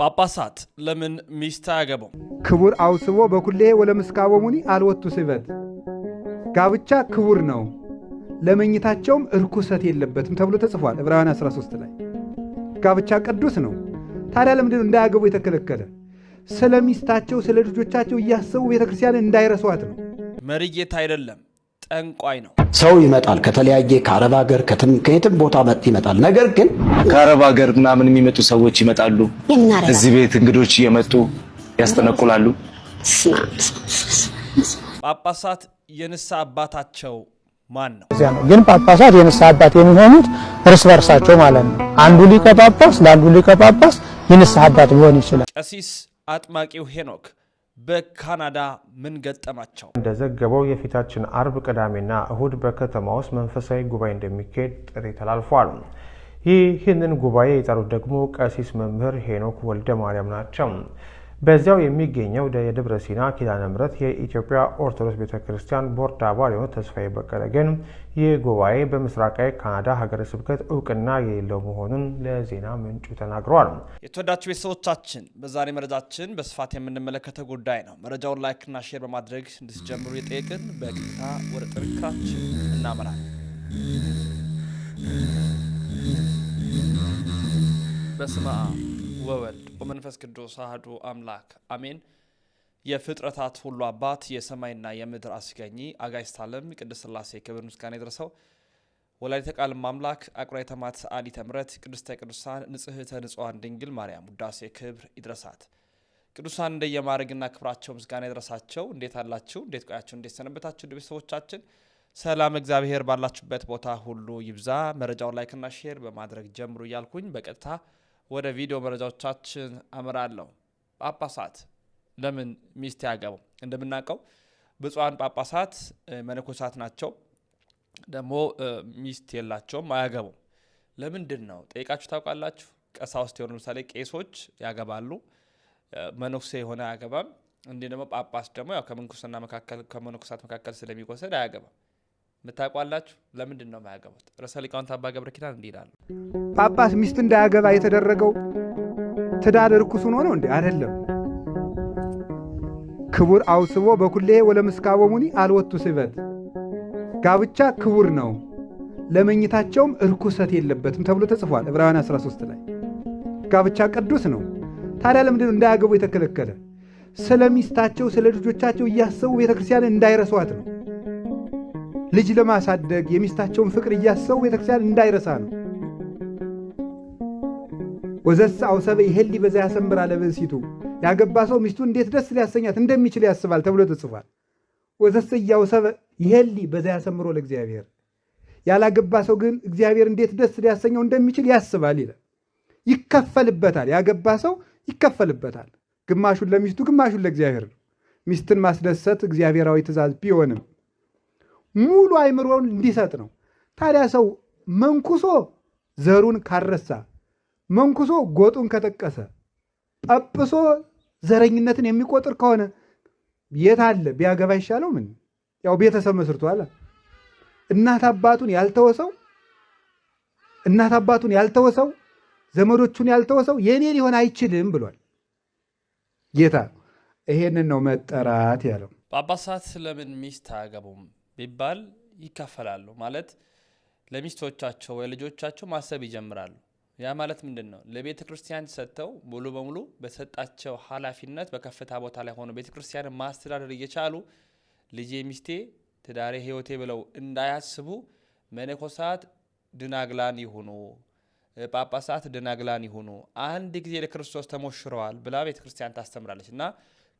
ጳጳሳት ለምን ሚስት አያገቡም? ክቡር አውስቦ በኩሌ ወለምስካቦ ሙኒ አልወቱ ስበት ጋብቻ ክቡር ነው፣ ለመኝታቸውም እርኩሰት የለበትም ተብሎ ተጽፏል ዕብራውያን 13 ላይ። ጋብቻ ቅዱስ ነው። ታዲያ ለምንድን እንዳያገቡ የተከለከለ? ስለ ሚስታቸው ስለ ልጆቻቸው እያሰቡ ቤተክርስቲያን እንዳይረሷት ነው። መርጌት አይደለም ጠንቋይ ነው። ሰው ይመጣል ከተለያየ ከአረብ ሀገር ከየትም ቦታ ይመጣል። ነገር ግን ከአረብ ሀገር ምናምን የሚመጡ ሰዎች ይመጣሉ። እዚህ ቤት እንግዶች እየመጡ ያስጠነቁላሉ። ጳጳሳት የንስሐ አባታቸው ማን ነው? ግን ጳጳሳት የንስሐ አባት የሚሆኑት እርስ በርሳቸው ማለት ነው። አንዱ ሊቀ ጳጳስ ለአንዱ ሊቀ ጳጳስ የንስሐ አባት ሊሆን ይችላል። ቀሲስ አጥማቂው ሄኖክ በካናዳ ምን ገጠማቸው? እንደዘገበው የፊታችን አርብ፣ ቅዳሜና እሁድ በከተማ ውስጥ መንፈሳዊ ጉባኤ እንደሚካሄድ ጥሪ ተላልፏል። ይህንን ጉባኤ የጠሩት ደግሞ ቀሲስ መምህር ሄኖክ ወልደ ማርያም ናቸው። በዚያው የሚገኘው የደብረ ሲና ኪዳነ ምሕረት የኢትዮጵያ ኦርቶዶክስ ቤተ ክርስቲያን ቦርድ አባል የሆኑት ተስፋዬ በቀለ ግን ይህ ጉባኤ በምስራቃዊ ካናዳ ሀገረ ስብከት እውቅና የሌለው መሆኑን ለዜና ምንጩ ተናግረዋል። የተወዳችሁ ቤተሰቦቻችን በዛሬ መረጃችን በስፋት የምንመለከተው ጉዳይ ነው። መረጃውን ላይክና ሼር በማድረግ እንድትጀምሩ የጠየቅን በቀጥታ ወደ ጥንክራችን እናመራለን። በስመ አብ ወወልድ ወመንፈስ ቅዱስ አህዱ አምላክ አሜን። የፍጥረታት ሁሉ አባት የሰማይና የምድር አስገኚ አጋዕዝተ ዓለም ቅድስት ሥላሴ ክብር ምስጋና ይድረሰው። ወላዲተ ቃል አምላክ አቁራይ ተማት ሰአሊተ ተምረት ቅድስተ ቅዱሳን ንጽህተ ንጹሐን ድንግል ማርያም ውዳሴ ክብር ይድረሳት። ቅዱሳን እንደየማድረግና ክብራቸው ምስጋና ይድረሳቸው። እንዴት አላችሁ? እንዴት ቆያችሁ? እንዴት ሰነበታችሁ? እንደ ቤተሰቦቻችን ሰላም እግዚአብሔር ባላችሁበት ቦታ ሁሉ ይብዛ። መረጃውን ላይክና ሼር በማድረግ ጀምሩ እያልኩኝ በቀጥታ ወደ ቪዲዮ መረጃዎቻችን አምራለሁ። ጳጳሳት ለምን ሚስት ያገቡ? እንደምናውቀው ብፁዓን ጳጳሳት መነኮሳት ናቸው። ደግሞ ሚስት የላቸውም፣ አያገቡም። ለምንድን ነው ጠይቃችሁ ታውቃላችሁ? ቀሳውስት የሆኑ ለምሳሌ ቄሶች ያገባሉ፣ መነኩሴ የሆነ አያገባም። እንዲህ ደግሞ ጳጳስ ደግሞ ያው ከምንኩስና መካከል ከመነኮሳት መካከል ስለሚወሰድ አያገባም። ምታቋላችሁ ለምንድን ነው የማያገቡት? ርዕሰ ሊቃውንት አባ ገብረ ኪዳን እንዲህ ይላሉ። ጳጳስ ሚስት እንዳያገባ የተደረገው ትዳር እርኩስ ሆኖ ነው እንዴ? አይደለም። ክቡር አውስቦ በኩሌ ወለምስካቦ ሙኒ አልወቱ ስበት ጋብቻ ክቡር ነው፣ ለመኝታቸውም እርኩሰት የለበትም ተብሎ ተጽፏል ዕብራውያን 13 ላይ። ጋብቻ ቅዱስ ነው። ታዲያ ለምንድነው እንዳያገቡ የተከለከለ? ስለ ሚስታቸው ስለ ልጆቻቸው እያሰቡ ቤተክርስቲያን እንዳይረሷት ነው። ልጅ ለማሳደግ የሚስታቸውን ፍቅር እያሰቡ ቤተክርስቲያን እንዳይረሳ ነው። ወዘስ አውሰበ ይሄል በዛ ያሰምራ ለብእሲቱ ያገባ ሰው ሚስቱ እንዴት ደስ ሊያሰኛት እንደሚችል ያስባል ተብሎ ተጽፏል። ወዘስ እያውሰበ ይሄል በዛ ያሰምሮ ለእግዚአብሔር ያላገባ ሰው ግን እግዚአብሔር እንዴት ደስ ሊያሰኘው እንደሚችል ያስባል ይላል። ይከፈልበታል። ያገባ ሰው ይከፈልበታል። ግማሹን ለሚስቱ፣ ግማሹን ለእግዚአብሔር ነው። ሚስትን ማስደሰት እግዚአብሔራዊ ትእዛዝ ቢሆንም ሙሉ አይምሮን እንዲሰጥ ነው። ታዲያ ሰው መንኩሶ ዘሩን ካረሳ፣ መንኩሶ ጎጡን ከጠቀሰ፣ ጠጵሶ ዘረኝነትን የሚቆጥር ከሆነ የት አለ? ቢያገባ ይሻለው። ምን ያው ቤተሰብ መስርቶ አለ እናት አባቱን ያልተወሰው እናት አባቱን ያልተወሰው ዘመዶቹን ያልተወሰው የእኔ ሊሆን አይችልም ብሏል ጌታ። ይሄንን ነው መጠራት ያለው። ጳጳሳት ስለምን ሚስት አያገቡም? ቢባል ይካፈላሉ ማለት ለሚስቶቻቸው ወይ ልጆቻቸው ማሰብ ይጀምራሉ። ያ ማለት ምንድን ነው? ለቤተ ክርስቲያን ሰጥተው ሙሉ በሙሉ በሰጣቸው ኃላፊነት በከፍታ ቦታ ላይ ሆኖ ቤተ ክርስቲያንን ማስተዳደር እየቻሉ ልጄ ሚስቴ፣ ትዳሬ፣ ህይወቴ ብለው እንዳያስቡ መነኮሳት ድናግላን ይሁኑ፣ ጳጳሳት ድናግላን ይሁኑ። አንድ ጊዜ ለክርስቶስ ተሞሽረዋል ብላ ቤተ ክርስቲያን ታስተምራለች እና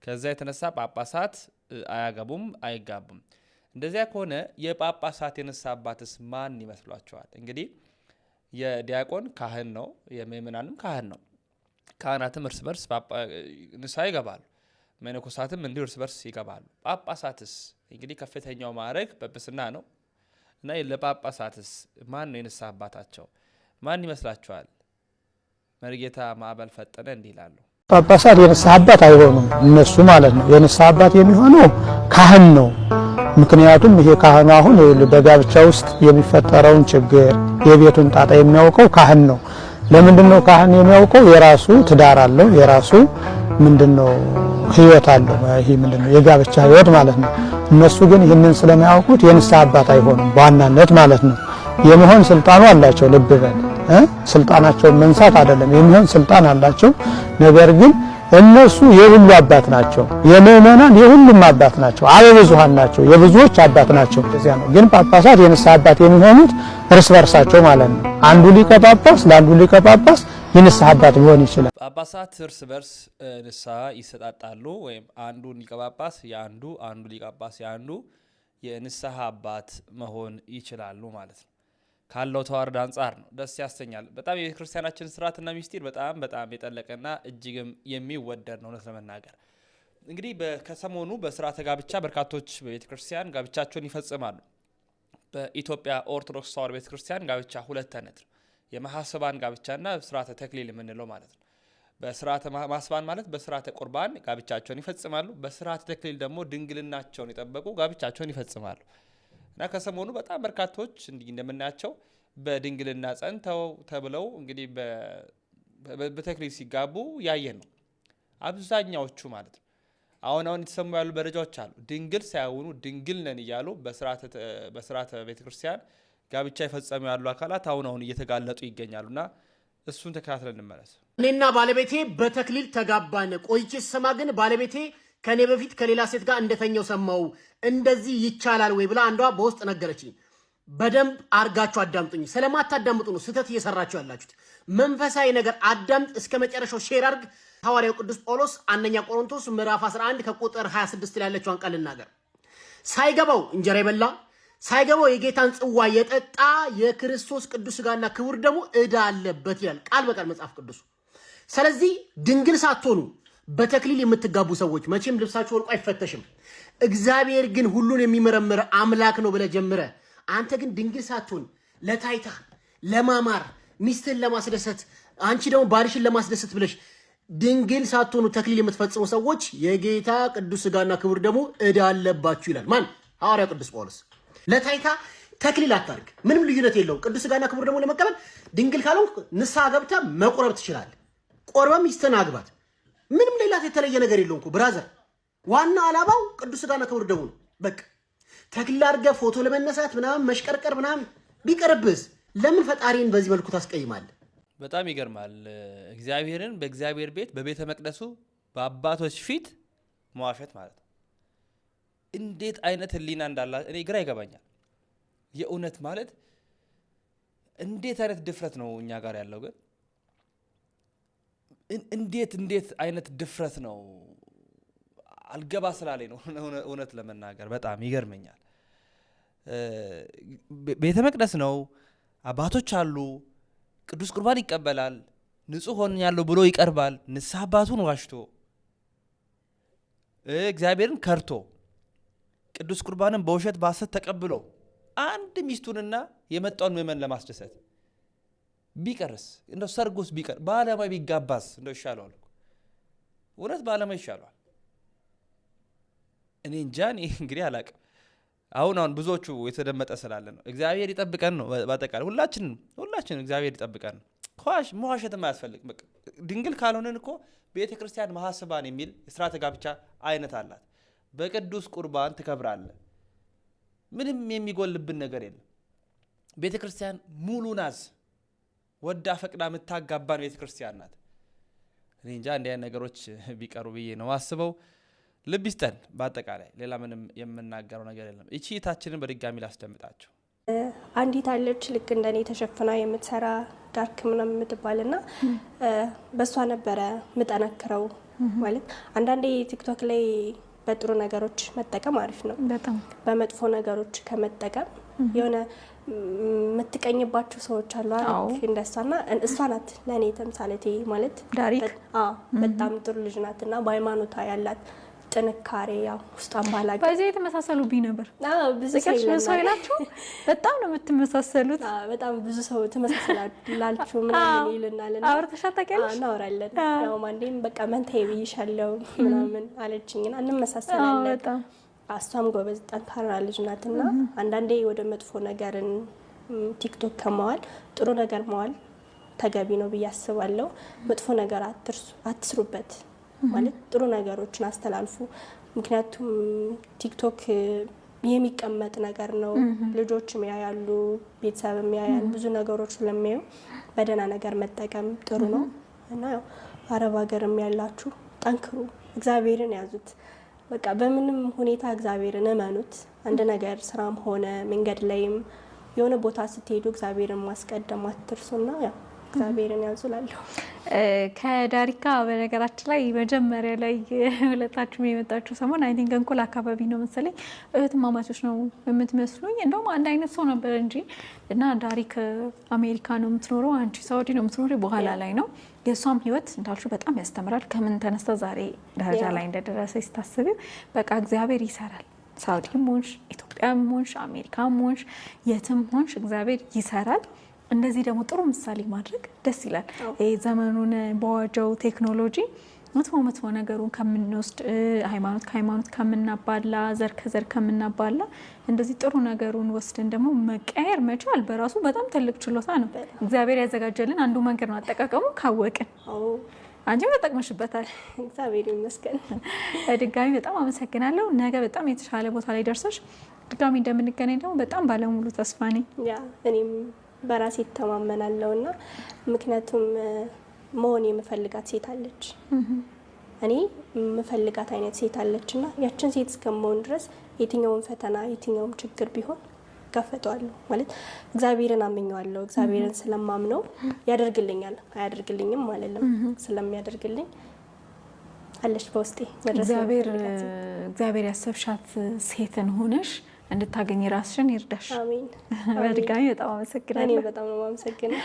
ከዛ የተነሳ ጳጳሳት አያገቡም፣ አይጋቡም። እንደዚያ ከሆነ የጳጳሳት የነሳባትስ አባትስ ማን ይመስሏቸዋል? እንግዲህ የዲያቆን ካህን ነው፣ የምእመናንም ካህን ነው። ካህናትም እርስ በርስ ንሳ ይገባሉ። መነኮሳትም እንዲሁ እርስ በርስ ይገባሉ። ጳጳሳትስ እንግዲህ ከፍተኛው ማዕረግ ጵጵስና ነው እና ለጳጳሳትስ ማን ነው የንስሐ አባታቸው? ማን ይመስላችኋል? መርጌታ ማዕበል ፈጠነ እንዲህ ይላሉ። ጳጳሳት የንስሐ አባት አይሆኑም፣ እነሱ ማለት ነው። የንስሐ አባት የሚሆነው ካህን ነው። ምክንያቱም ይሄ ካህኑ አሁን በጋብቻ ውስጥ የሚፈጠረውን ችግር የቤቱን ጣጣ የሚያውቀው ካህን ነው። ለምንድን ነው ካህን የሚያውቀው? የራሱ ትዳር አለው፣ የራሱ ምንድነው ህይወት አለው። ይሄ ምንድነው የጋብቻ ህይወት ማለት ነው። እነሱ ግን ይህንን ስለማያውቁት የንስሐ አባት አይሆኑም በዋናነት ማለት ነው። የመሆን ስልጣኑ አላቸው። ልብ በል ስልጣናቸውን መንሳት አይደለም፣ የሚሆን ስልጣን አላቸው። ነገር ግን እነሱ የሁሉ አባት ናቸው። የምእመናን የሁሉም አባት ናቸው። አበብዙሃን ናቸው። የብዙዎች አባት ናቸው። እዚያ ነው ግን ጳጳሳት የንስሐ አባት የሚሆኑት እርስ በርሳቸው ማለት ነው። አንዱ ሊቀ ጳጳስ ለአንዱ ሊቀ ጳጳስ የንስሐ አባት ሊሆን ይችላል። ጳጳሳት እርስ በርስ ንስሐ ይሰጣጣሉ። ወይም አንዱ ሊቀ ጳጳስ የአንዱ አንዱ ሊቀ ጳጳስ የአንዱ የንስሐ አባት መሆን ይችላሉ ማለት ነው። ካለው ተዋረድ አንጻር ነው። ደስ ያሰኛል በጣም የቤተ ክርስቲያናችን ስርዓትና ሚስጢር በጣም በጣም የጠለቀና እጅግም የሚወደድ ነው። እውነት ለመናገር እንግዲህ ከሰሞኑ በስርዓተ ጋብቻ በርካቶች በቤተ ክርስቲያን ጋብቻቸውን ይፈጽማሉ። በኢትዮጵያ ኦርቶዶክስ ተዋሕዶ ቤተ ክርስቲያን ጋብቻ ሁለት አይነት ነው። የማህሰባን ጋብቻና ስርዓተ ተክሊል የምንለው ማለት ነው። በስርዓተ ማስባን ማለት በስርዓተ ቁርባን ጋብቻቸውን ይፈጽማሉ። በስርዓተ ተክሊል ደግሞ ድንግልናቸውን የጠበቁ ጋብቻቸውን ይፈጽማሉ። እና ከሰሞኑ በጣም በርካቶች እንደምናያቸው በድንግልና ጸንተው ተብለው እንግዲህ በተክሊል ሲጋቡ ያየን ነው። አብዛኛዎቹ ማለት ነው። አሁን አሁን የተሰሙ ያሉ መረጃዎች አሉ። ድንግል ሳይሆኑ ድንግል ነን እያሉ በስርዓተ ቤተክርስቲያን ጋብቻ የፈጸሙ ያሉ አካላት አሁን አሁን እየተጋለጡ ይገኛሉና እሱን ተከታትለን እንመለስ። እኔና ባለቤቴ በተክሊል ተጋባን። ቆይቼ ስሰማ ግን ባለቤቴ ከኔ በፊት ከሌላ ሴት ጋር እንደተኘው ሰማው፣ እንደዚህ ይቻላል ወይ ብላ አንዷ በውስጥ ነገረችኝ። በደንብ አርጋችሁ አዳምጡኝ። ስለማታዳምጡ ነው ስህተት እየሰራችሁ ያላችሁት። መንፈሳዊ ነገር አዳምጥ፣ እስከ መጨረሻው ሼር አርግ። ሐዋርያው ቅዱስ ጳውሎስ አንደኛ ቆሮንቶስ ምዕራፍ 11 ከቁጥር 26 ላይ ያለችውን ቃል ልናገር። ሳይገባው እንጀራ የበላ ሳይገባው የጌታን ጽዋ የጠጣ የክርስቶስ ቅዱስ ስጋና ክቡር ደግሞ እዳ አለበት ይላል ቃል በቃል መጽሐፍ ቅዱስ። ስለዚህ ድንግል ሳትሆኑ በተክሊል የምትጋቡ ሰዎች መቼም ልብሳችሁ ወልቆ አይፈተሽም። እግዚአብሔር ግን ሁሉን የሚመረምር አምላክ ነው ብለህ ጀምረ አንተ ግን ድንግል ሳትሆን ለታይታ ለማማር ሚስትን ለማስደሰት አንቺ ደግሞ ባልሽን ለማስደሰት ብለሽ ድንግል ሳትሆኑ ተክሊል የምትፈጽሙ ሰዎች የጌታ ቅዱስ ስጋና ክቡር ደግሞ እዳ አለባችሁ ይላል ማን? ሐዋርያው ቅዱስ ጳውሎስ። ለታይታ ተክሊል አታርግ፣ ምንም ልዩነት የለውም። ቅዱስ ስጋና ክቡር ደግሞ ለመቀበል ድንግል ካልሆንክ ንስሐ ገብተህ መቆረብ ትችላለህ። ቆርበም ሚስትህን አግባት። ምንም ሌላት የተለየ ነገር የለውም እኮ ብራዘር። ዋና አላማው ቅዱስ ሥጋና ክቡር ደሙ ነው። በቃ ተክል አድርገህ ፎቶ ለመነሳት ምናምን መሽቀርቀር ምናምን ቢቀርብስ ለምን ፈጣሪን በዚህ መልኩ ታስቀይማለህ? በጣም ይገርማል። እግዚአብሔርን በእግዚአብሔር ቤት በቤተ መቅደሱ በአባቶች ፊት መዋሸት ማለት ነው። እንዴት አይነት ህሊና እንዳላ እኔ ግራ ይገባኛል። የእውነት ማለት እንዴት አይነት ድፍረት ነው እኛ ጋር ያለው ግን እንዴት እንዴት አይነት ድፍረት ነው አልገባ ስላለኝ ነው እውነት ለመናገር በጣም ይገርመኛል። ቤተ መቅደስ ነው፣ አባቶች አሉ፣ ቅዱስ ቁርባን ይቀበላል፣ ንጹሕ ሆኛለሁ ብሎ ይቀርባል። ንስሐ አባቱን ዋሽቶ እግዚአብሔርን ከርቶ ቅዱስ ቁርባንን በውሸት ባሰት ተቀብሎ አንድ ሚስቱንና የመጣውን ምዕመን ለማስደሰት ቢቀርስ እንደ ሰርጉስ ቢቀር በዓላማ ቢጋባስ እንደ ይሻለዋል። እውነት ባለማ ይሻለዋል። እኔ እንጃ እንግዲህ አላቅም። አሁን አሁን ብዙዎቹ የተደመጠ ስላለ ነው። እግዚአብሔር ይጠብቀን ነው። በአጠቃላይ ሁላችን ሁላችንም እግዚአብሔር ይጠብቀን ነው። ከዋሽ መዋሸትም አያስፈልግ። ድንግል ካልሆንን እኮ ቤተ ክርስቲያን ማሐስባን የሚል የስርዓተ ጋብቻ አይነት አላት። በቅዱስ ቁርባን ትከብራለህ። ምንም የሚጎልብን ነገር የለም። ቤተ ክርስቲያን ሙሉ ናዝ ወዳ ፈቅዳ የምታጋባን ቤተ ክርስቲያን ናት። እኔ እንጃ እንዲያ ነገሮች ቢቀሩ ብዬ ነው አስበው። ልብ ይስጠን። በአጠቃላይ ሌላ ምንም የምናገረው ነገር የለም። እቺ እህታችንን በድጋሚ ላስደምጣቸው። አንዲት አለች ልክ እንደኔ ተሸፍና የምትሰራ ዳርክ ምናምን የምትባል ና በእሷ ነበረ የምጠነክረው። ማለት አንዳንዴ ቲክቶክ ላይ በጥሩ ነገሮች መጠቀም አሪፍ ነው፣ በመጥፎ ነገሮች ከመጠቀም የሆነ የምትቀኝባቸው ሰዎች አሉ አይደል? እንደሷና እሷ ናት ለእኔ ተምሳሌቴ ማለት በጣም ጥሩ ልጅ ናት እና በሃይማኖቷ ያላት ጥንካሬ ያው ውስጣን ባላቂ በዚህ የተመሳሰሉ ቢ ነበር። ብዙ በጣም ነው የምትመሳሰሉት። በጣም ብዙ ሰው ተመሳሰላላችሁ ምናምን ይልናል። አውርተሻት ታውቂያለሽ? እናወራለን። ያው አንዴም በቃ መንታ ብይሻለው ምናምን አለችኝና እንመሳሰላለን። አሷም ጎበዝ ጠንካራ ልጅ ናትና አንዳንዴ ወደ መጥፎ ነገርን ቲክቶክ ከመዋል ጥሩ ነገር መዋል ተገቢ ነው ብዬ አስባለሁ። መጥፎ ነገር አትስሩበት ማለት ጥሩ ነገሮችን አስተላልፉ። ምክንያቱም ቲክቶክ የሚቀመጥ ነገር ነው። ልጆች ያያሉ፣ ቤተሰብ ያያል፣ ብዙ ነገሮች ስለሚያዩ በደህና ነገር መጠቀም ጥሩ ነው እና አረብ ሀገርም ያላችሁ ጠንክሩ፣ እግዚአብሔርን ያዙት። በቃ በምንም ሁኔታ እግዚአብሔርን እመኑት። አንድ ነገር ስራም ሆነ መንገድ ላይም የሆነ ቦታ ስትሄዱ እግዚአብሔርን ማስቀደም አትርሱና ያው እግዚአብሔርን ያንሱላለሁ። ከዳሪካ በነገራችን ላይ መጀመሪያ ላይ ሁለታችሁ የመጣችሁ ሰሞን አይ ቲንክ እንኮል አካባቢ ነው መሰለኝ እህትማማቾች ነው የምትመስሉኝ። እንደውም አንድ አይነት ሰው ነበር እንጂ እና ዳሪክ አሜሪካ ነው የምትኖረው፣ አንቺ ሳውዲ ነው የምትኖረው። በኋላ ላይ ነው የእሷም ህይወት እንዳልሽው በጣም ያስተምራል። ከምን ተነስተ ዛሬ ደረጃ ላይ እንደደረሰ ስታስቢው በቃ እግዚአብሔር ይሰራል። ሳውዲም ሆንሽ ኢትዮጵያም ሆንሽ አሜሪካም ሆንሽ የትም ሆንሽ እግዚአብሔር ይሰራል። እንደዚህ ደግሞ ጥሩ ምሳሌ ማድረግ ደስ ይላል። ዘመኑን በዋጀው ቴክኖሎጂ መጥፎ መጥፎ ነገሩን ከምንወስድ ሃይማኖት ከሃይማኖት ከምናባላ፣ ዘር ከዘር ከምናባላ እንደዚህ ጥሩ ነገሩን ወስደን ደግሞ መቀየር መቻል በራሱ በጣም ትልቅ ችሎታ ነው። እግዚአብሔር ያዘጋጀልን አንዱ መንገድ ነው። አጠቃቀሙ ካወቅን አንቺም ተጠቅመሽበታል። እግዚአብሔር ይመስገን። ድጋሚ በጣም አመሰግናለሁ። ነገ በጣም የተሻለ ቦታ ላይ ደርሰሽ ድጋሚ እንደምንገናኝ ደግሞ በጣም ባለሙሉ ተስፋ ነኝ። እኔም በራሴ ይተማመናለው እና ምክንያቱም መሆን የምፈልጋት ሴት አለች፣ እኔ የምፈልጋት አይነት ሴት አለች እና ያችን ሴት እስከመሆን ድረስ የትኛውም ፈተና የትኛውም ችግር ቢሆን ጋፈጠዋለሁ። ማለት እግዚአብሔርን አምኘዋለሁ። እግዚአብሔርን ስለማምነው ያደርግልኛል፣ አያደርግልኝም አይደለም ስለሚያደርግልኝ አለች በውስጤ እግዚአብሔር ያሰብሻት ሴትን ሆነሽ እንድታገኝ ራስሽን ይርዳሽ። በድጋሚ በጣም አመሰግናለሁ። በጣም ነው አመሰግናለሁ።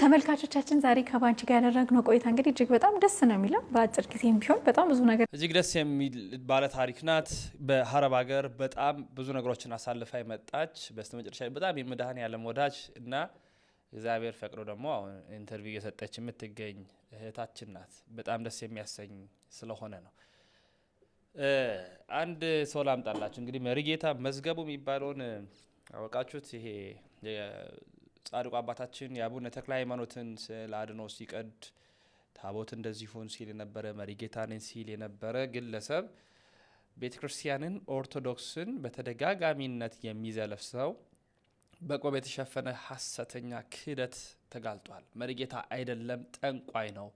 ተመልካቾቻችን ዛሬ ከባንቺ ጋር ያደረግነው ቆይታ እንግዲህ እጅግ በጣም ደስ ነው የሚለው በአጭር ጊዜም ቢሆን በጣም ብዙ ነገር እጅግ ደስ የሚል ባለ ታሪክ ናት። በሀረብ ሀገር በጣም ብዙ ነገሮችን አሳልፋ የመጣች በስተመጨረሻ በጣም የመድኃኔ ያለም ወዳጅ እና እግዚአብሔር ፈቅዶ ደግሞ አሁን ኢንተርቪው እየሰጠች የምትገኝ እህታችን ናት። በጣም ደስ የሚያሰኝ ስለሆነ ነው። አንድ ሰው ላምጣላችሁ። እንግዲህ መሪጌታ መዝገቡ የሚባለውን አወቃችሁት? ይሄ ጻድቁ አባታችን የአቡነ ተክለ ሃይማኖትን ስዕል አድኖ ሲቀድ ታቦት እንደዚሁን ሲል የነበረ መሪጌታንን ሲል የነበረ ግለሰብ ቤተ ክርስቲያንን ኦርቶዶክስን በተደጋጋሚነት የሚዘለፍ ሰው በቆብ የተሸፈነ ሀሰተኛ ክህደት ተጋልጧል። መሪጌታ አይደለም ጠንቋይ ነው።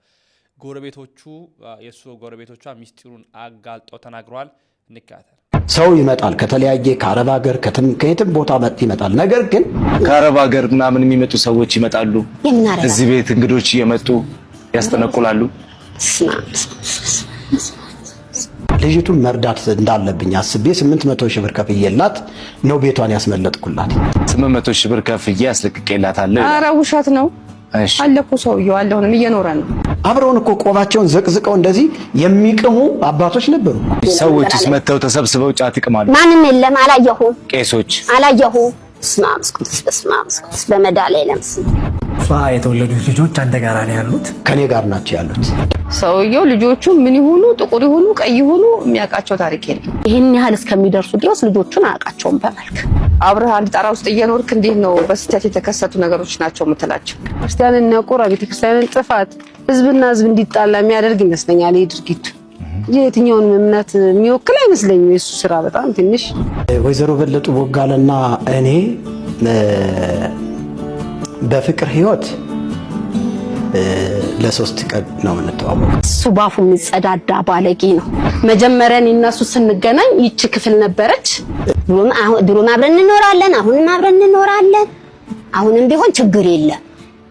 ጎረቤቶቹ የእሱ ጎረቤቶቿ ሚስጢሩን አጋልጦ ተናግረዋል። እንካተል ሰው ይመጣል ከተለያየ ከአረብ ሀገር ከየትም ቦታ መጥ ይመጣል። ነገር ግን ከአረብ ሀገር ምናምን የሚመጡ ሰዎች ይመጣሉ። እዚህ ቤት እንግዶች እየመጡ ያስጠነቁላሉ። ልጅቱን መርዳት እንዳለብኝ አስቤ 800 ሺህ ብር ከፍዬላት ነው ቤቷን ያስመለጥኩላት። 800 ሺህ ብር ከፍዬ አስለቅቄላታለሁ። ኧረ ውሸት ነው። አለ እኮ ሰውዬው አለ፣ አሁንም እየኖረ ነው። አብረውን እኮ ቆባቸውን ዘቅዝቀው እንደዚህ የሚቅሙ አባቶች ነበሩ። ሰዎች መጥተው ተሰብስበው ጫት ይቅማሉ? ማንም የለም። አላየሁም። ቄሶች አላየሁም። ላይ ለምስ እሷ የተወለዱት ልጆች አንተ ጋር ነው ያሉት? ከኔ ጋር ናቸው ያሉት። ሰውየው ልጆቹ ምን ይሆኑ ጥቁር ይሆኑ ቀይ ይሆኑ የሚያውቃቸው ታሪክ የለም። ይህን ያህል እስከሚደርሱ ድረስ ልጆቹን አያውቃቸውም። በመልክ አብረህ አንድ ጣራ ውስጥ እየኖርክ እንዴት ነው በስተት የተከሰቱ ነገሮች ናቸው የምትላቸው? ክርስቲያንን ነቁራ ቤተክርስቲያንን ጥፋት ህዝብና ህዝብ እንዲጣላ የሚያደርግ ይመስለኛል ይህ ድርጊቱ የትኛውን እምነት የሚወክል አይመስለኝም። የሱ ስራ በጣም ትንሽ። ወይዘሮ በለጡ ቦጋለና እኔ በፍቅር ህይወት ለሶስት ቀን ነው የምንተዋወቀው። እሱ ባፉ የሚጸዳዳ ባለጌ ነው። መጀመሪያ እነሱ ስንገናኝ ይቺ ክፍል ነበረች። ድሮም አብረን እንኖራለን፣ አሁንም አብረን እንኖራለን። አሁንም ቢሆን ችግር የለም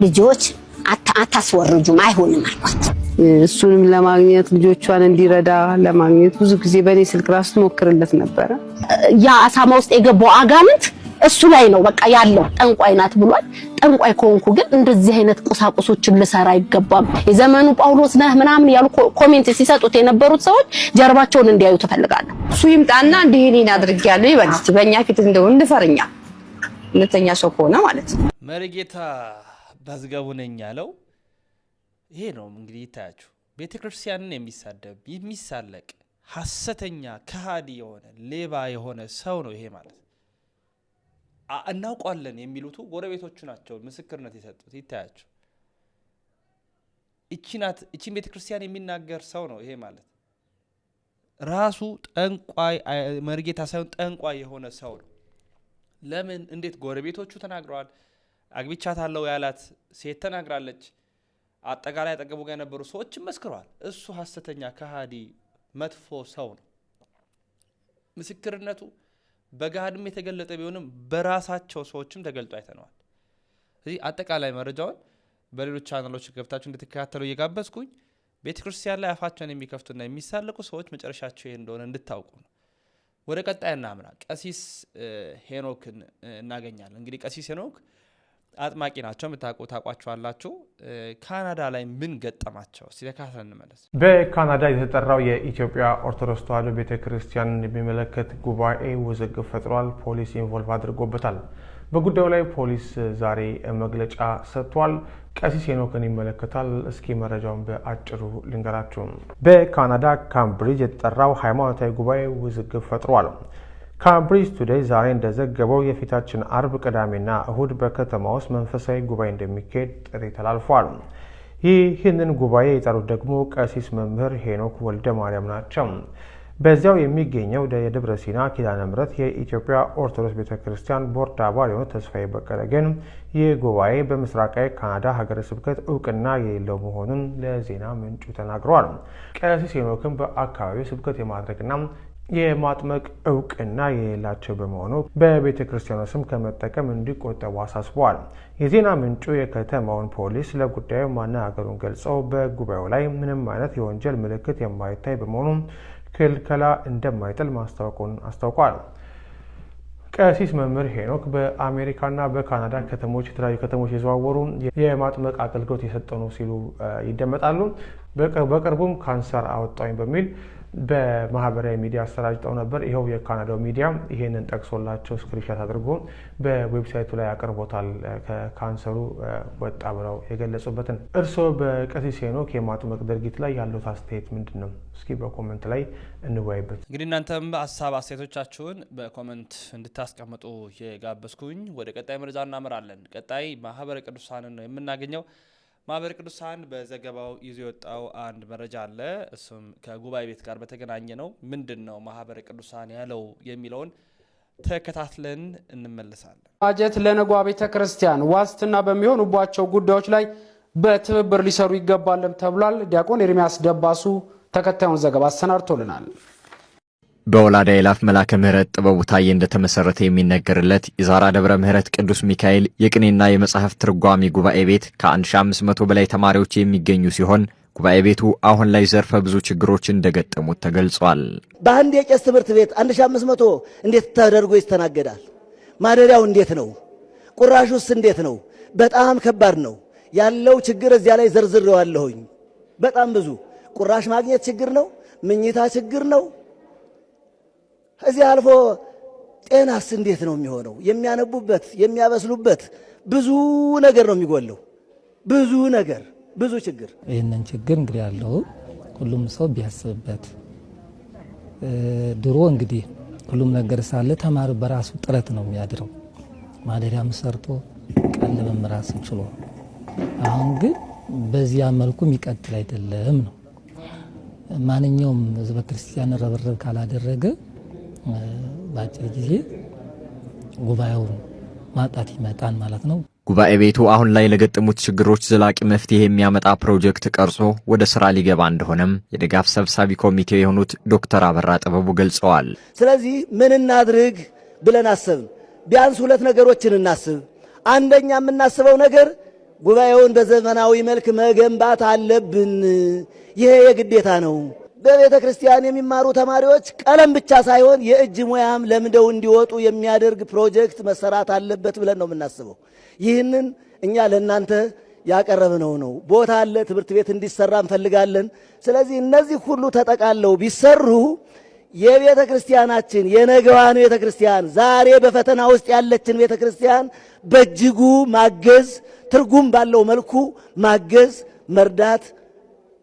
ልጆች አታስወርጁም፣ አይሆንም አልኳት። እሱንም ለማግኘት ልጆቿን እንዲረዳ ለማግኘት ብዙ ጊዜ በእኔ ስልክ ራሱ ትሞክርለት ነበረ። ያ አሳማ ውስጥ የገባው አጋምንት እሱ ላይ ነው በቃ ያለው ጠንቋይ ናት ብሏል። ጠንቋይ ከሆንኩ ግን እንደዚህ አይነት ቁሳቁሶችን ልሰራ አይገባም። የዘመኑ ጳውሎስ ነህ ምናምን ያሉ ኮሜንት ሲሰጡት የነበሩት ሰዎች ጀርባቸውን እንዲያዩ ትፈልጋለሁ። እሱ ይምጣና እንዲህ እኔን አድርጌያለሁ ይበል በእኛ ፊት እንደው እንፈርኛ እውነተኛ ሰው ከሆነ ማለት ነው። መሪጌታ ባዝጋቡ ነኝ ያለው ይሄ ነው እንግዲህ ይታያችሁ። ቤተክርስቲያንን የሚሳደብ የሚሳለቅ ሐሰተኛ ከሃዲ የሆነ ሌባ የሆነ ሰው ነው ይሄ ማለት እናውቋለን የሚሉቱ ጎረቤቶቹ ናቸው ምስክርነት የሰጡት። ይታያቸው እቺናት እቺን ቤተ ክርስቲያን የሚናገር ሰው ነው ይሄ ማለት ራሱ ጠንቋይ መርጌታ ሳይሆን ጠንቋይ የሆነ ሰው ነው። ለምን እንዴት ጎረቤቶቹ ተናግረዋል። አለው ያላት ሴት ተናግራለች። አጠቃላይ አጠገቡ ጋር የነበሩ ሰዎች መስክረዋል። እሱ ሀሰተኛ ከሃዲ መጥፎ ሰው ነው ምስክርነቱ በገሃድም የተገለጠ ቢሆንም በራሳቸው ሰዎችም ተገልጦ አይተነዋል። ስለዚህ አጠቃላይ መረጃውን በሌሎች ቻናሎች ገብታችሁ እንድትከታተሉ እየጋበዝኩኝ ቤተ ክርስቲያን ላይ አፋቸውን የሚከፍቱና የሚሳለቁ ሰዎች መጨረሻቸው ይህ እንደሆነ እንድታውቁ ነው። ወደ ቀጣይ እናምራ። ቀሲስ ሄኖክን እናገኛለን። እንግዲህ ቀሲስ ሄኖክ አጥማቂ ናቸው የምታውቁ ታውቋቸዋላችሁ። ካናዳ ላይ ምን ገጠማቸው? ስለ እንመለስ። በካናዳ የተጠራው የኢትዮጵያ ኦርቶዶክስ ተዋሕዶ ቤተ ክርስቲያንን የሚመለከት ጉባኤ ውዝግብ ፈጥሯል። ፖሊስ ኢንቮልቭ አድርጎበታል። በጉዳዩ ላይ ፖሊስ ዛሬ መግለጫ ሰጥቷል። ቀሲስ ሄኖክን ይመለከታል። እስኪ መረጃውን በአጭሩ ልንገራችሁ። በካናዳ ካምብሪጅ የተጠራው ሃይማኖታዊ ጉባኤ ውዝግብ ፈጥሯል። ከአምብሪጅ ቱዴይ ዛሬ እንደዘገበው የፊታችን አርብ፣ ቅዳሜና እሁድ በከተማ ውስጥ መንፈሳዊ ጉባኤ እንደሚካሄድ ጥሪ ተላልፏል። ይህንን ጉባኤ የጠሩት ደግሞ ቀሲስ መምህር ሄኖክ ወልደ ማርያም ናቸው። በዚያው የሚገኘው የደብረ ሲና ኪዳነ ምሕረት የኢትዮጵያ ኦርቶዶክስ ቤተ ክርስቲያን ቦርድ አባል የሆነ ተስፋዬ በቀለ ግን ይህ ጉባኤ በምስራቃዊ ካናዳ ሀገረ ስብከት እውቅና የሌለው መሆኑን ለዜና ምንጩ ተናግረዋል። ቀሲስ ሄኖክን በአካባቢው ስብከት የማድረግና የማጥመቅ እውቅና የሌላቸው በመሆኑ በቤተ ክርስቲያኗ ስም ከመጠቀም እንዲቆጠቡ አሳስበዋል። የዜና ምንጩ የከተማውን ፖሊስ ለጉዳዩ ማነጋገሩን ገልጸው በጉባኤው ላይ ምንም አይነት የወንጀል ምልክት የማይታይ በመሆኑ ክልከላ እንደማይጥል ማስታወቁን አስታውቋል። ቀሲስ መምህር ሄኖክ በአሜሪካና በካናዳ ከተሞች የተለያዩ ከተሞች የዘዋወሩ የማጥመቅ አገልግሎት ነው ሲሉ ይደመጣሉ። በቅርቡም ካንሰር አወጣኝ በሚል በማህበራዊ ሚዲያ አሰራጭጠው ነበር። ይኸው የካናዳው ሚዲያ ይሄንን ጠቅሶላቸው ስክሪንሾት አድርጎ በዌብሳይቱ ላይ አቅርቦታል። ከካንሰሩ ወጣ ብለው የገለጹበትን እርስዎ በቀሲስ ሄኖክ የማጥመቅ ድርጊት ላይ ያለት አስተያየት ምንድን ነው? እስኪ በኮመንት ላይ እንወያይበት። እንግዲህ እናንተም ሀሳብ አስተያየቶቻችሁን በኮመንት እንድታስቀምጡ የጋበዝኩኝ። ወደ ቀጣይ መረጃ እናመራለን። ቀጣይ ማህበረ ቅዱሳንን ነው የምናገኘው። ማህበረ ቅዱሳን በዘገባው ይዞ የወጣው አንድ መረጃ አለ። እሱም ከጉባኤ ቤት ጋር በተገናኘ ነው። ምንድን ነው ማህበረ ቅዱሳን ያለው የሚለውን ተከታትለን እንመልሳለን። ባጀት ለነጓ ቤተ ክርስቲያን ዋስትና በሚሆኑባቸው ጉዳዮች ላይ በትብብር ሊሰሩ ይገባልም ተብሏል። ዲያቆን ኤርሚያስ ደባሱ ተከታዩን ዘገባ አሰናድቶልናል። በወላዳ የላፍ መላከ ምህረት ጥበቡ ታዬ እንደተመሰረተ የሚነገርለት የዛራ ደብረ ምህረት ቅዱስ ሚካኤል የቅኔና የመጽሐፍ ትርጓሚ ጉባኤ ቤት ከ1500 በላይ ተማሪዎች የሚገኙ ሲሆን ጉባኤ ቤቱ አሁን ላይ ዘርፈ ብዙ ችግሮች እንደገጠሙት ተገልጿል። በአንድ የቄስ ትምህርት ቤት 1500 እንዴት ተደርጎ ይስተናገዳል? ማደሪያው እንዴት ነው? ቁራሹስ እንዴት ነው? በጣም ከባድ ነው ያለው ችግር። እዚያ ላይ ዘርዝሬዋለሁኝ። በጣም ብዙ ቁራሽ ማግኘት ችግር ነው። ምኝታ ችግር ነው። ከዚህ አልፎ ጤናስ እንዴት ነው የሚሆነው? የሚያነቡበት የሚያበስሉበት ብዙ ነገር ነው የሚጎለው። ብዙ ነገር ብዙ ችግር። ይህንን ችግር እንግዲህ ያለው ሁሉም ሰው ቢያስብበት። ድሮ እንግዲህ ሁሉም ነገር ሳለ ተማሪ በራሱ ጥረት ነው የሚያድረው ማደሪያም ሰርቶ ቀን ለመምራት ችሎ፣ አሁን ግን በዚያ መልኩ የሚቀጥል አይደለም ነው። ማንኛውም ህዝበ ክርስቲያን ረብረብ ካላደረገ በአጭር ጊዜ ጉባኤውን ማጣት ይመጣል ማለት ነው። ጉባኤ ቤቱ አሁን ላይ ለገጠሙት ችግሮች ዘላቂ መፍትሄ የሚያመጣ ፕሮጀክት ቀርጾ ወደ ስራ ሊገባ እንደሆነም የድጋፍ ሰብሳቢ ኮሚቴ የሆኑት ዶክተር አበራ ጥበቡ ገልጸዋል። ስለዚህ ምን እናድርግ ብለን አሰብን። ቢያንስ ሁለት ነገሮችን እናስብ። አንደኛ የምናስበው ነገር ጉባኤውን በዘመናዊ መልክ መገንባት አለብን። ይሄ የግዴታ ነው። በቤተ ክርስቲያን የሚማሩ ተማሪዎች ቀለም ብቻ ሳይሆን የእጅ ሙያም ለምደው እንዲወጡ የሚያደርግ ፕሮጀክት መሰራት አለበት ብለን ነው የምናስበው። ይህንን እኛ ለእናንተ ያቀረብነው ነው። ቦታ አለ፣ ትምህርት ቤት እንዲሰራ እንፈልጋለን። ስለዚህ እነዚህ ሁሉ ተጠቃለው ቢሰሩ የቤተ ክርስቲያናችን የነገዋን ቤተ ክርስቲያን ዛሬ በፈተና ውስጥ ያለችን ቤተ ክርስቲያን በእጅጉ ማገዝ፣ ትርጉም ባለው መልኩ ማገዝ፣ መርዳት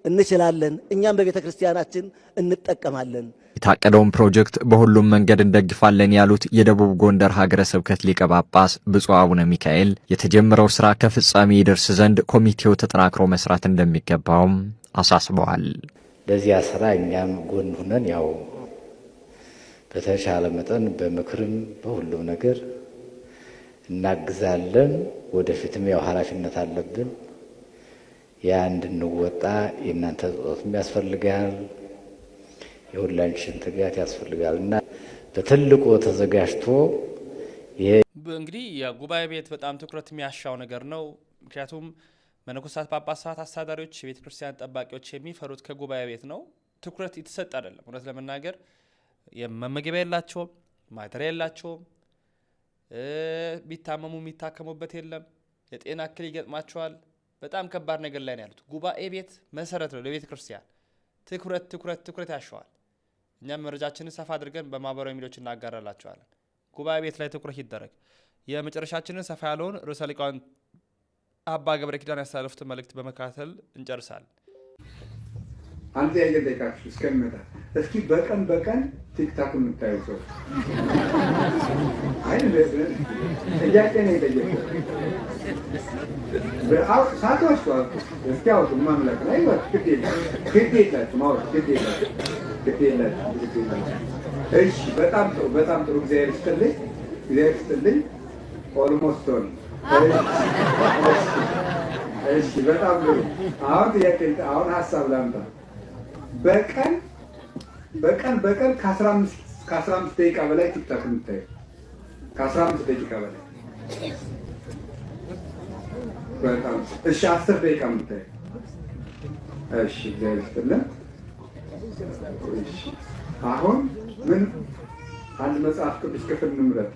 እንችላለን። እኛም በቤተ ክርስቲያናችን እንጠቀማለን። የታቀደውን ፕሮጀክት በሁሉም መንገድ እንደግፋለን ያሉት የደቡብ ጎንደር ሀገረ ስብከት ሊቀ ጳጳስ ብፁዕ አቡነ ሚካኤል የተጀመረው ስራ ከፍጻሜ ይደርስ ዘንድ ኮሚቴው ተጠናክሮ መስራት እንደሚገባውም አሳስበዋል። ለዚያ ስራ እኛም ጎን ሁነን ያው በተሻለ መጠን በምክርም በሁሉም ነገር እናግዛለን። ወደፊትም ያው ኃላፊነት አለብን። ያ እንድንወጣ የእናንተ ጸሎትም ያስፈልጋል፣ የሁላችን ትጋት ያስፈልጋል እና በትልቁ ተዘጋጅቶ እንግዲህ የጉባኤ ቤት በጣም ትኩረት የሚያሻው ነገር ነው። ምክንያቱም መነኮሳት፣ ጳጳሳት፣ አስተዳዳሪዎች፣ የቤተ ክርስቲያን ጠባቂዎች የሚፈሩት ከጉባኤ ቤት ነው። ትኩረት የተሰጠ አይደለም። እውነት ለመናገር መመገቢያ የላቸውም፣ ማደሪያ የላቸውም። ቢታመሙ የሚታከሙበት የለም። የጤና እክል ይገጥማቸዋል። በጣም ከባድ ነገር ላይ ነው ያሉት። ጉባኤ ቤት መሰረት ነው ለቤተ ክርስቲያን። ትኩረት ትኩረት ትኩረት ያሸዋል። እኛም መረጃችንን ሰፋ አድርገን በማህበራዊ ሚዲያዎች እናጋራላቸዋለን። ጉባኤ ቤት ላይ ትኩረት ይደረግ። የመጨረሻችንን ሰፋ ያለውን ርዕሰ ሊቃውንት አባ ገብረ ኪዳን ያሳለፉት መልእክት በመካተል እንጨርሳለን። አንተ ያየር እስከሚመጣ እስኪ በቀን በቀን ቲክታክ የምታዩ ሰው አይ ጥያቄ ነው የጠየቀው። ሳትወሱ እስኪ አውጡ ማምለክ ነው ግድ የላችሁ ማወቅ ግድ የላችሁ ግድ የላችሁ ግድ የላችሁ። እሺ በጣም ጥሩ በጣም ጥሩ። እግዚአብሔር ይስጥልኝ እግዚአብሔር ይስጥልኝ። ኦልሞስት ሆን እሺ በጣም ጥሩ። አሁን ጥያቄ አሁን ሀሳብ ላምጣ በቀን በቀን በቀን ከአስራ አምስት ደቂቃ በላይ ቲክታክ የምታየው ከአስራ አምስት ደቂቃ በላይ በጣም እሺ፣ አስር ደቂቃ የምታየው እሺ፣ እግዚአብሔር አሁን ምን አንድ መጽሐፍ ቅዱስ ክፍል እንምረጥ።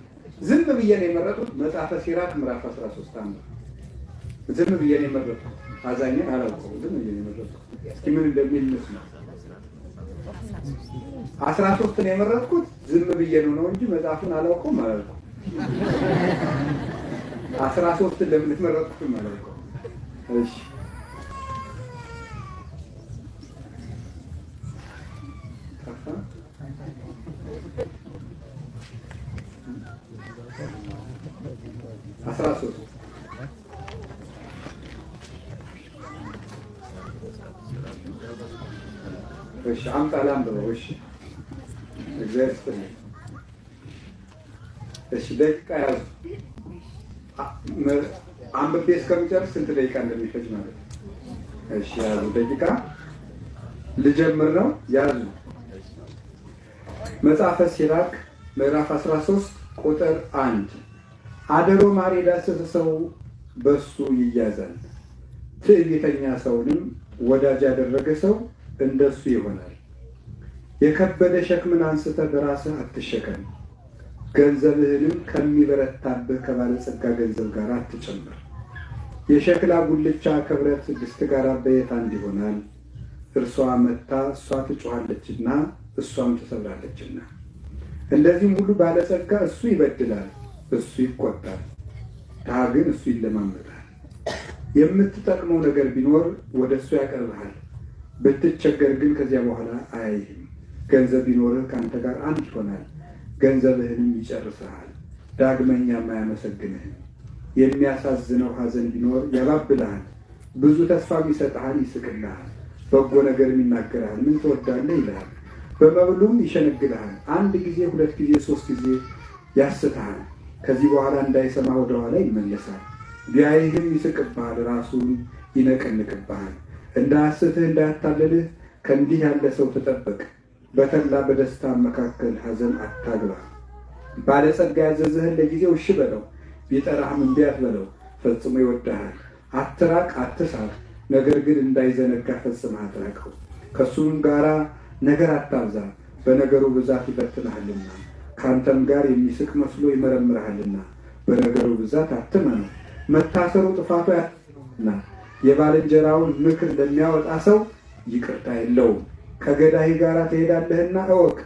ዝም ብዬ ነው የመረጡት። መጽሐፈ ሲራክ ምዕራፍ 13 አንዱ ዝም ብዬ ነው የመረጡት። አዛኝን አላውቀውም፣ ዝም ብዬ ነው የመረጡት። እስኪ ምን እንደሚል እንስማ። አስራ ሶስትን የመረጥኩት ዝም ብዬ ነው እንጂ መጽሐፉን አላውቀውም ማለት ነው። አስራ ሶስትን ለምን ትመረጥኩት ማለት ነው። እሺ አስራ ሶስት እሺ አምጣ ላንብበው። እሺ እግዚአብሔር ይስጥልኝ። እሺ ደቂቃ ያዙ። አንብቤ እስከሚጨርስ ስንት ደቂቃ እንደሚፈጅ ማለት ነው። እሺ ያዙ። ደቂቃ ልጀምር ነው። ያዙ። መጽሐፈ ሲራክ ምዕራፍ 13 ቁጥር አንድ አደሮ ማር የዳሰሰ ሰው በሱ ይያዛል። ትዕቢተኛ ሰውንም ወዳጅ ያደረገ ሰው እንደሱ ይሆናል። የከበደ ሸክምን አንስተ በራስህ አትሸከም። ገንዘብህንም ከሚበረታብህ ከባለጸጋ ገንዘብ ጋር አትጨምር። የሸክላ ጉልቻ ከብረት ድስት ጋር በየት አንድ ይሆናል? እርሷ መታ እሷ ትጮኋለችና እሷም ትሰብራለችና። እንደዚህም ሁሉ ባለጸጋ እሱ ይበድላል፣ እሱ ይቆጣል፣ ድሃ ግን እሱ ይለማመጣል። የምትጠቅመው ነገር ቢኖር ወደ እሱ ያቀርብሃል ብትቸገር ግን ከዚያ በኋላ አያይህም። ገንዘብ ቢኖርህ ከአንተ ጋር አንድ ይሆናል፣ ገንዘብህንም ይጨርስሃል፣ ዳግመኛም አያመሰግንህም። የሚያሳዝነው ሐዘን ቢኖር ያባብልሃል፣ ብዙ ተስፋም ይሰጥሃል፣ ይስቅልሃል፣ በጎ ነገርም ይናገርሃል። ምን ትወዳለህ ይልሃል፣ በመብሉም ይሸነግልሃል። አንድ ጊዜ ሁለት ጊዜ ሶስት ጊዜ ያስትሃል፣ ከዚህ በኋላ እንዳይሰማ ወደኋላ ይመለሳል። ቢያይህም ይስቅብሃል፣ ራሱን ይነቀንቅብሃል። እንዳያስትህ እንዳያታለልህ ከእንዲህ ያለ ሰው ተጠበቅ። በተላ በደስታ መካከል ሐዘን አታግባ። ባለጸጋ ያዘዝህን ለጊዜው እሺ በለው፣ ቢጠራህም እምቢ አትበለው። ፈጽሞ ይወድሃል። አትራቅ፣ አትሳር፣ ነገር ግን እንዳይዘነጋ ፈጽመ አትራቀው። ከእሱም ጋራ ነገር አታብዛ፣ በነገሩ ብዛት ይፈትንሃልና ከአንተም ጋር የሚስቅ መስሎ ይመረምርሃልና። በነገሩ ብዛት አትመነው፣ መታሰሩ ጥፋቱ ያና የባልንጀራውን ምክር ለሚያወጣ ሰው ይቅርታ የለውም። ከገዳይ ጋር ትሄዳለህና እወቅ፣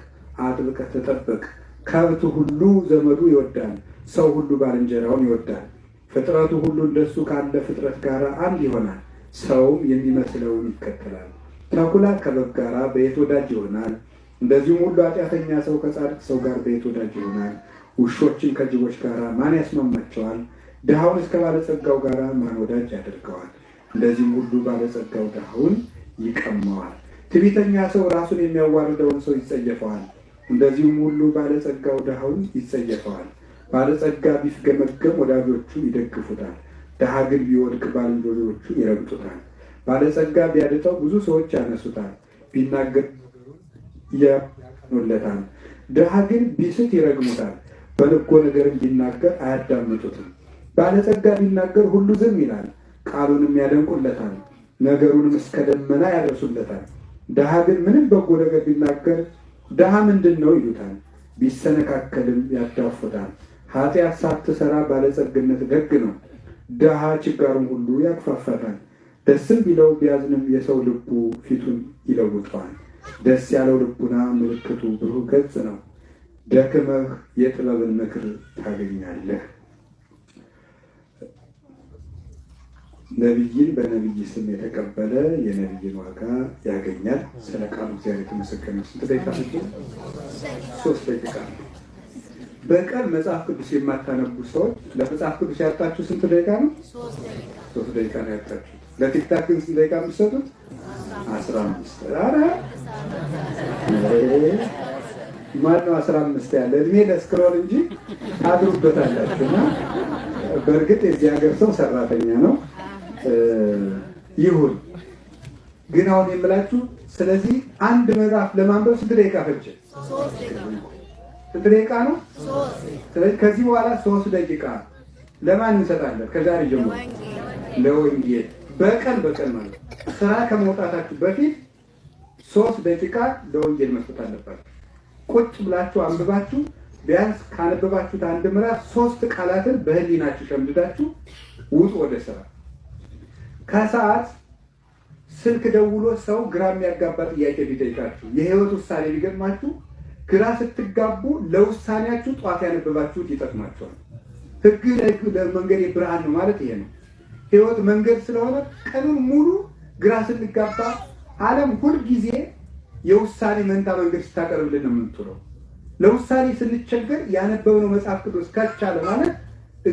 አጥብቀ ተጠበቅ። ከብት ሁሉ ዘመዱ ይወዳል፣ ሰው ሁሉ ባልንጀራውን ይወዳል። ፍጥረቱ ሁሉ እንደሱ ካለ ፍጥረት ጋር አንድ ይሆናል፣ ሰውም የሚመስለውን ይከተላል። ተኩላ ከበግ ጋር በየት ወዳጅ ይሆናል? እንደዚሁም ሁሉ ኃጢአተኛ ሰው ከጻድቅ ሰው ጋር በየት ወዳጅ ይሆናል? ውሾችን ከጅቦች ጋር ማን ያስማማቸዋል? ድሃውን እስከ ባለጸጋው ጋር ማን ወዳጅ ያደርገዋል? እንደዚህም ሁሉ ባለጸጋው ድሃውን ይቀማዋል። ትዕቢተኛ ሰው ራሱን የሚያዋርደውን ሰው ይጸየፈዋል። እንደዚሁም ሁሉ ባለጸጋው ድሃውን ይጸየፈዋል። ባለጸጋ ቢፍገመገም ወዳጆቹ ይደግፉታል፣ ድሃ ግን ቢወድቅ ባልንጀሮቹ ይረግጡታል። ባለጸጋ ቢያድጠው ብዙ ሰዎች ያነሱታል፣ ቢናገር ያኖለታል። ድሃ ግን ቢስት ይረግሙታል፣ በልጎ ነገርም ቢናገር አያዳምጡትም። ባለጸጋ ቢናገር ሁሉ ዝም ይላል ቃሉንም ያደንቁለታል፣ ነገሩንም እስከ ደመና ያደርሱለታል። ድሃ ግን ምንም በጎ ነገር ቢናገር ድሃ ምንድን ነው ይሉታል፣ ቢሰነካከልም ያዳፉታል። ኃጢአት ሳትሰራ ባለጸግነት ደግ ነው፣ ድሃ ችጋሩን ሁሉ ያክፋፈታል። ደስም ቢለው ቢያዝንም የሰው ልቡ ፊቱን ይለውጠዋል። ደስ ያለው ልቡና ምልክቱ ብሩህ ገጽ ነው። ደክመህ የጥበብን ምክር ታገኛለህ። ነቢይን በነቢይ ስም የተቀበለ የነቢይን ዋጋ ያገኛል። ስለ ቃሉ እግዚአብሔር የተመሰገነ። ስንት ደቂቃ? ሶስት ደቂቃ። በቀን መጽሐፍ ቅዱስ የማታነቡ ሰዎች ለመጽሐፍ ቅዱስ ያጣችሁ ስንት ደቂቃ ነው? ሶስት ደቂቃ ነው ያጣችሁ። ለቲክታክ ግን ስንት ደቂቃ የምትሰጡት? አስራ አምስት ኧረ ማነው አስራ አምስት ያለ እድሜ ለስክሮል እንጂ አድሩበታላችሁ። እና በእርግጥ የዚህ ሀገር ሰው ሰራተኛ ነው ይሁን። ግን አሁን የምላችሁ ስለዚህ አንድ መጽሐፍ ለማንበብ ስንት ደቂቃ ፈጀ? ስንት ደቂቃ ነው? ስለዚህ ከዚህ በኋላ ሶስት ደቂቃ ለማን እንሰጣለን? ከዛሬ ጀምሮ ለወንጌል በቀን በቀን ማለት ስራ ከመውጣታችሁ በፊት ሶስት ደቂቃ ለወንጌል መስጠት አለባችሁ። ቁጭ ብላችሁ አንብባችሁ ቢያንስ ካነበባችሁት አንድ ምዕራፍ ሶስት ቃላትን በህሊናችሁ ሸምድዳችሁ ውጡ ወደ ስራ ከሰዓት ስልክ ደውሎ ሰው ግራ የሚያጋባ ጥያቄ ቢጠይቃችሁ የህይወት ውሳኔ ቢገጥማችሁ ግራ ስትጋቡ ለውሳኔያችሁ ጠዋት ያነበባችሁት ይጠቅማቸዋል። ህግ ለመንገድ የብርሃን ነው ማለት ይሄ ነው። ህይወት መንገድ ስለሆነ ቀኑን ሙሉ ግራ ስንጋባ፣ ዓለም ሁልጊዜ የውሳኔ መንታ መንገድ ስታቀርብልን ነው የምትውለው። ለውሳኔ ስንቸገር ያነበብነው መጽሐፍ ቅዱስ ከቻለ ማለት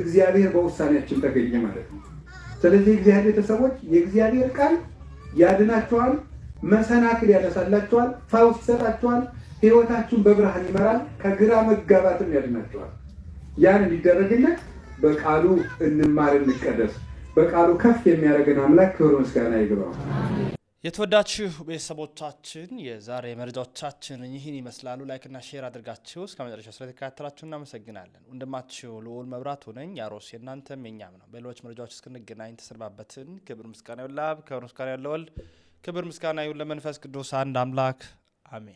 እግዚአብሔር በውሳኔያችን ተገኘ ማለት ነው። ስለዚህ የእግዚአብሔር ቤተሰቦች የእግዚአብሔር ቃል ያድናቸዋል፣ መሰናክል ያደሳላቸዋል ፈውስ ይሰጣቸዋል፣ ህይወታችሁን በብርሃን ይመራል፣ ከግራ መጋባትም ያድናቸዋል። ያን እንዲደረግለት በቃሉ እንማር እንቀደስ። በቃሉ ከፍ የሚያደርገን አምላክ ክብር ምስጋና ይግባው። የተወዳችሁ ቤተሰቦቻችን የዛሬ መረጃዎቻችን ይህን ይመስላሉ። ላይክና ሼር አድርጋችሁ እስከ መጨረሻ ስለተከታተላችሁ እናመሰግናለን። ወንድማችሁ ልዑል መብራቱ ነኝ። ያሮስ የእናንተም የኛም ነው። በሌሎች መረጃዎች እስክንገናኝ ተሰነባበትን። ክብር ምስጋና ይሁን ለአብ፣ ክብር ምስጋና ይሁን ለወልድ፣ ክብር ምስጋና ይሁን ለመንፈስ ቅዱስ አንድ አምላክ